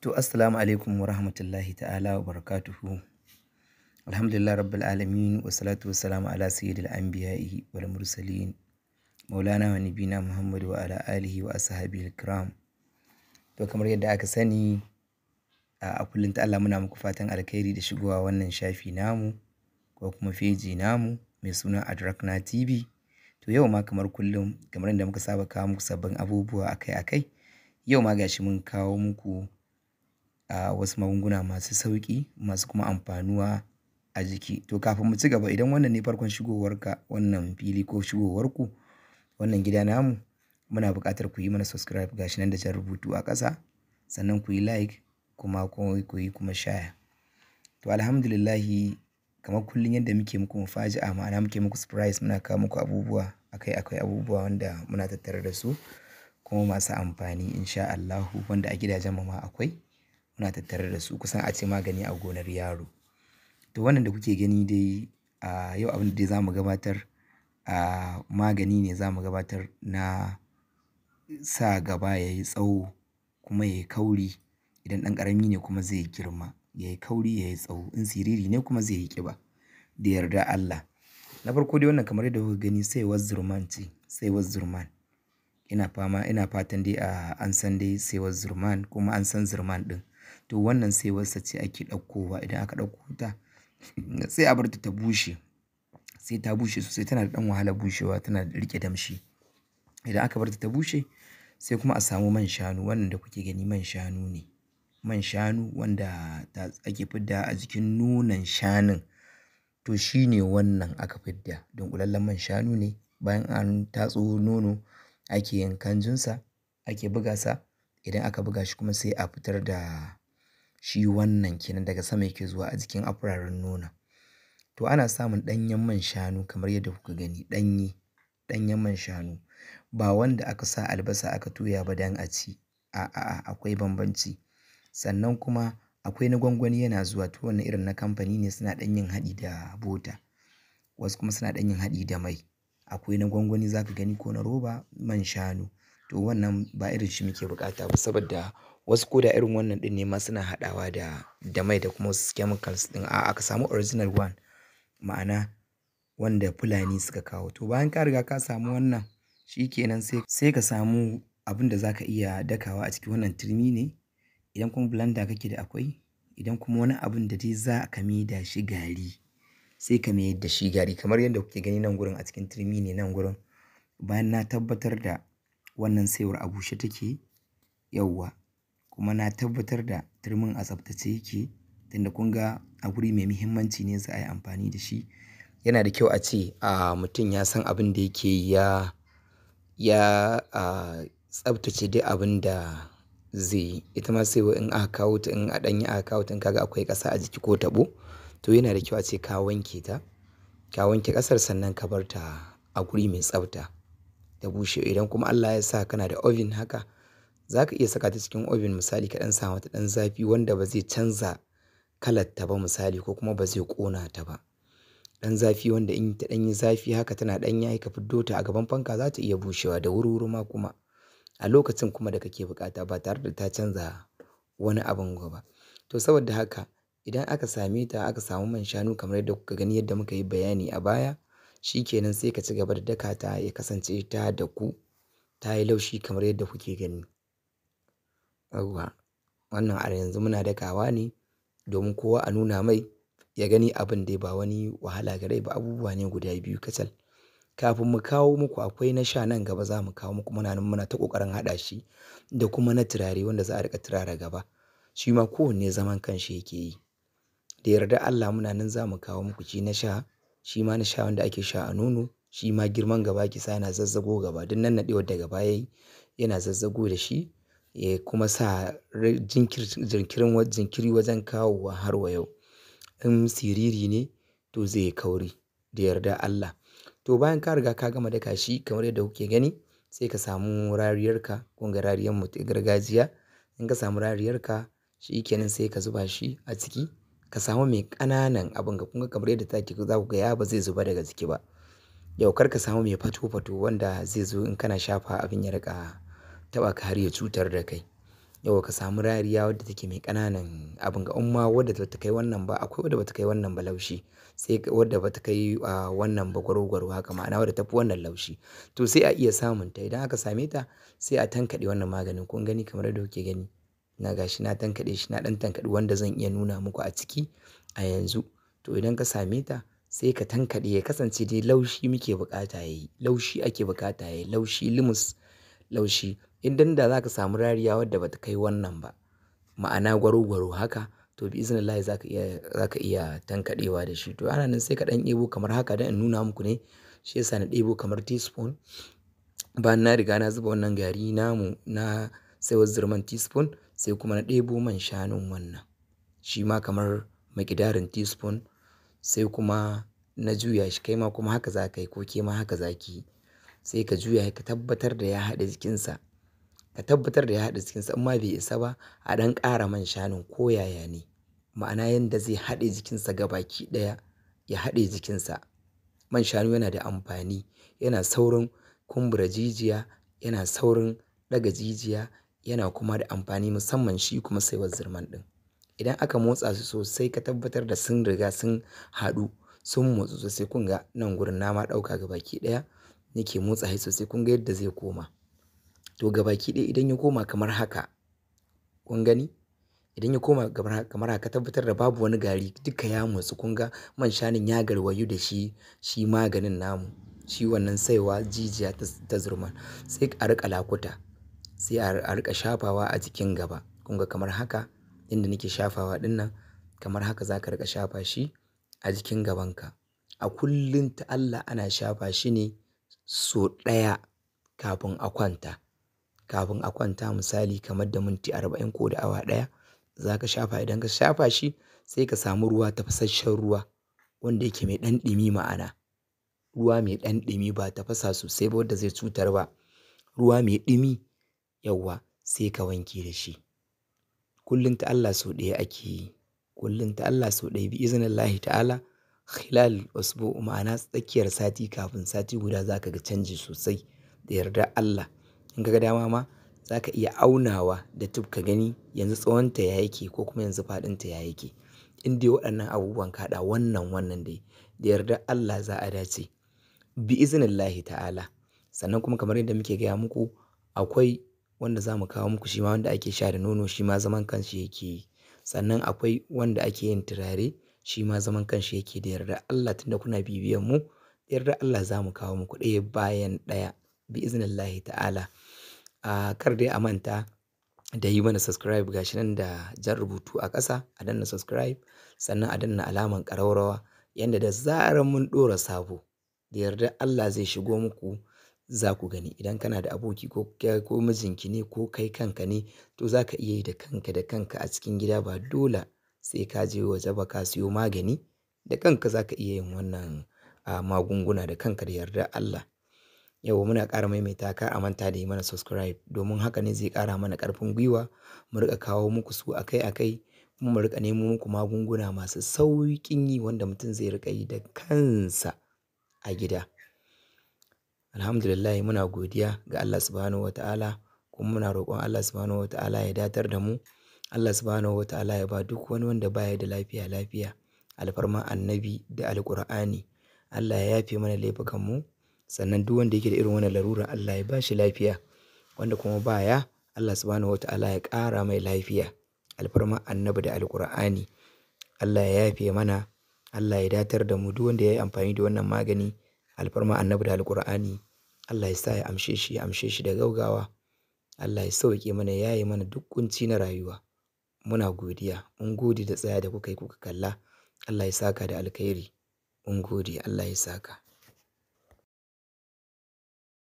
To assalamu alaikum wa rahmatullahi ta'ala wa barakatuhu. Alhamdulillah rabbil alamin wa salatu wa salamu ala sayyidil anbiya'i wal mursalin maulana wa nabina Muhammad wa ala alihi wa ashabihi kiram. To kamar yadda aka sani a kullum ta Allah muna muku fatan alkhairi da shigowa wannan shafi namu ko kuma feji namu mai suna Adrakna TV. To yau ma kamar kullum kamar yadda muka saba kawo muku sabbin abubuwa akai-akai yau ma gashi mun kawo muku a wasu magunguna masu sauki masu kuma amfanuwa a jiki. To kafin mu ci gaba idan wannan ne farkon shigowarka wannan fili ko shigowarku wannan gida namu muna buƙatar ku yi mana subscribe ga shi nan da jan rubutu a ƙasa sannan ku yi like kuma ku yi kuma share. To alhamdulillahi kamar kullum yadda muke muku mufaji'a ma'ana muke muku surprise muna kawo muku abubuwa akai akai abubuwa wanda muna tattara da su kuma masu amfani insha Allah wanda a gidajen mu ma akwai. muna tattare da su kusan a ce magani a gonar yaro. To wannan da kuke gani dai a yau abin da dai za mu gabatar a magani ne za mu gabatar na sa gaba ya yi tsawo kuma ya yi kauri idan ɗan ƙarami ne kuma zai girma ya yi kauri ya yi tsawo in siriri ne kuma zai yi ƙiba da yarda Allah. Na farko dai wannan kamar yadda kuka gani sai zurman ce sai zurman. Ina fama ina fatan dai a an san dai sai zurman kuma an san zurman din. To wannan sai wasa ce ake ɗaukowa idan aka ɗauko ta sai a barta ta bushe. Sai ta bushe sosai tana da ɗan wahala bushewa tana da riƙe damshi. Idan aka barta ta bushe sai kuma a samu man shanu wannan da kuke gani man shanu ne. Man shanu wanda ake fidda a jikin nonon shanun. To shi wannan aka fidda. don ƙulallen man shanu ne bayan an tatso nono ake yin jinsa ake buga sa. Idan aka buga shi kuma sai a fitar da shi wannan kenan daga sama yake zuwa a jikin afurarin nuna. To ana samun ɗanyen man shanu kamar yadda kuka gani ɗanye, ɗanyen man shanu ba wanda aka sa albasa aka toya ba don a ci. A'a akwai bambanci. Sannan kuma akwai na gwangwani yana zuwa to wannan irin na kamfani ne suna ɗanyen haɗi da bota. Wasu kuma suna ɗanyen haɗi da mai. Akwai na gwangwani zaka gani ko na roba man shanu. To wannan ba irin shi muke bukata ba saboda wasu ko irin wannan ɗin ne ma suna haɗawa da, da mai da kuma wasu chemicals ɗin. a ka samu original one ma'ana wanda Fulani suka kawo. To bayan ka riga ka samu wannan shi kenan sai, sai ka samu abin da zaka iya dakawa a cikin Wannan turmi ne, idan kuma blender kake da akwai, idan kuma wani abin da dai za ka mai da shi gari sai ka mayar da shi gari kamar yadda kuke gani nan gurin a cikin turmi ne nan gurin. Bayan na tabbatar da wannan saiwar a bushe take yauwa kuma na tabbatar da turmin a tsaftace yake tunda kun ga a guri mai muhimmanci ne za a yi amfani da shi yana da kyau a ce a mutum ya san abin da yake ya ya a tsaftace duk abin da zai yi ita ma saiwa in a kawo ta in a ɗanyi a kawo ta in kaga akwai kasa a jiki ko taɓo to yana da kyau a ce ka wanke ta ka wanke ƙasar sannan ka bar ta a guri mai tsafta da bushe idan kuma Allah ya sa kana da oven haka za ka iya saka ta cikin oven misali kaɗan ɗan sa mata ɗan zafi wanda ba zai canza kalar ta ba misali ko kuma ba zai ƙona ta ba ɗan zafi wanda in ta ɗan yi zafi haka tana ɗan yayi ka fiddo ta a gaban fanka za ta iya bushewa da wuri ma kuma a lokacin kuma da kake buƙata ba tare da ta canza wani abin ba to saboda haka idan aka same ta aka samu man shanu kamar yadda kuka gani yadda muka yi bayani a baya shi kenan sai ka ci gaba da daka ta ya kasance ta ku ta yi laushi kamar yadda kuke gani yawwa wannan a yanzu muna dakawa ne domin kowa a nuna mai ya gani abin dai ba wani wahala gare ba abubuwa ne guda biyu kacal kafin mu kawo muku akwai na sha nan gaba za mu kawo muku muna nan muna ta kokarin haɗa shi da kuma na turare wanda za a rika turara gaba shi ma kowanne zaman kanshi yake yi da yarda Allah muna nan za mu kawo muku shi na sha shi ma na sha wanda ake sha a nono shi ma girman gaba kisa yana zazzago gaba duk nan naɗewar daga baya yana zazzago da shi ya eh, kuma sa jinkiri wajen kawowa har wa yau. In siriri ne to zai yi kauri da yarda Allah. To bayan ka riga ka gama daka shi kamar yadda kuke gani sai ka samu rariyarka. Kun ga rariyar mu gargajiya in ka samu rariyarka shi kenan sai ka zuba shi a ciki. ka samu mai ƙananan abin ga kunga kamar yadda take za ku ga ya ba zai zuba daga ciki ba yau kar ka samu mai fato fato wanda zai zo in kana shafa abin ya rika taba ka har ya cutar da kai yau ka samu rariya wadda take mai ƙananan abin ga umma wadda ta kai wannan ba akwai wadda ta kai wannan ba laushi sai wadda ta kai wannan ba gwargwaro haka ma'ana wadda fi wannan laushi to sai a iya samun ta idan aka same ta sai a tankaɗe wannan maganin kun gani kamar yadda kuke gani na gashi na tankaɗe shi na ɗan tankaɗe wanda zan iya nuna muku a ciki a yanzu to idan ka same ta sai ka tankaɗe ya kasance dai laushi muke bukata yayi laushi ake bukata yayi laushi limus laushi idan da zaka samu rariya wadda bata kai wannan ba ma'ana gwaro-gwaro haka to bi Allah zaka iya zaka iya tankaɗewa da shi to ana nan sai ka dan ebo kamar haka dan in nuna muku ne shi yasa na ebo kamar teaspoon ba na riga na zuba wannan gari namu na sai wasu zirman teaspoon sai kuma na ɗebo man shanun wannan shi ma kamar maƙidarin teaspoon sai kuma na juya shi kai ma kuma haka za ka yi ko ke ma haka za ki sai ka juya ka tabbatar da ya haɗa jikinsa ka tabbatar da ya haɗa jikinsa in bai isa ba a ɗan ƙara man shanun ko yaya ne ma'ana yadda zai haɗe jikinsa ga baki ɗaya ya haɗe jikinsa man shanu yana da amfani yana saurin kumbura jijiya yana saurin ɗaga jijiya yana kuma da amfani musamman shi kuma saiwar zurman ɗin. Idan aka motsa su sosai ka tabbatar da sun riga sun haɗu sun motsu sosai kun ga nan gurin na ma ɗauka gabaki ɗaya nake motsa shi sosai kun ga yadda zai koma. To gabaki ɗaya idan ya koma kamar haka kun gani? Idan ya koma kamar haka tabbatar da babu wani gari duka ya motsu kun ga man shanin ya garwayu da shi shi maganin namu shi wannan saiwa jijiya ta zurma, sai a rika lakuta. sai a rika shafawa a jikin gaba kunga kamar haka inda nake shafawa ɗin kamar haka za ka rika shafa shi a jikin gabanka a kullun ta Allah ana shafa shi ne so ɗaya kafin a kwanta kafin a kwanta misali kamar da minti arba'in ko da awa ɗaya za ka shafa idan ka shafa shi sai ka samu ruwa tafasasshen ruwa wanda yake mai ɗan ɗumi ma'ana ruwa mai ɗan ɗumi ba tafasa sosai ba wanda zai cutar ba ruwa mai ɗumi Yawwa sai ka wanke da shi kullum ta Allah sau ɗaya ake yi kullum ta Allah sau ɗaya bi lahi ta'ala khilal usbu ma'ana tsakiyar sati kafin sati guda za ka ga canji sosai da yarda Allah in ka ga dama ma za ka iya aunawa da tub ka gani yanzu tsawonta ya yake ko kuma yanzu faɗinta ya yake in dai waɗannan abubuwan kaɗa wannan wannan dai da yarda Allah za a dace bi lahi ta'ala sannan kuma kamar yadda muke gaya muku akwai wanda za mu kawo muku shi wanda ake sha da nono shi ma zaman kanshi yake yi. Sannan akwai wanda ake yin turare shi ma zaman kanshi yake da yarda Allah tunda kuna bibiyan mu yarda Allah za mu kawo muku ɗaya bayan ɗaya Bi iznillahi ta'ala. A kar dai a manta da yi mana subscribe gashi nan da jan rubutu a ƙasa a danna subscribe sannan a danna alaman ƙararrawa yanda da zarar mun ɗora sabo da yarda Allah zai shigo muku za ku gani idan kana da aboki ko mijinki ne ko kai kanka ne to za ka iya yi da kanka da kanka a cikin gida ba dole sai ka je waje ba ka siyo magani da kanka za ka iya yin wannan magunguna da kanka da yarda Allah yau muna ƙara maimaita kar a manta da yi mana subscribe domin haka ne zai ƙara mana ƙarfin gwiwa mu riƙa kawo muku su akai-akai kuma mu riƙa nemo muku magunguna masu sauƙin yi wanda mutum zai riƙa yi da kansa a gida Alhamdulillah muna godiya ga Allah Subhanahu wa ta'ala kuma muna roƙon Allah Subhanahu wa ta'ala ya datar da mu. Allah Subhanahu wa ta'ala ya ba duk wani wanda baya da lafiya lafiya. Alfarma annabi da Alqur'ani. Allah ya yafe mana laifukan mu sannan duk wanda yake da irin wannan larura Allah ya ba shi lafiya. Wanda kuma baya Allah Subhanahu wa ta'ala ya ƙara mai lafiya. Alfarma annabi da Alqur'ani. Allah ya yafe mana. Allah ya datar da mu duk wanda ya yi amfani da wannan magani. Alfarma annabi da Alqur'ani. Allah ya sa ya amshe shi ya amshe shi da gaugawa Allah ya sauke mana ya yi mana duk kunci na rayuwa muna godiya mun gode da tsaya da kuka yi kuka kalla Allah ya saka da alkhairi mun gode Allah ya saka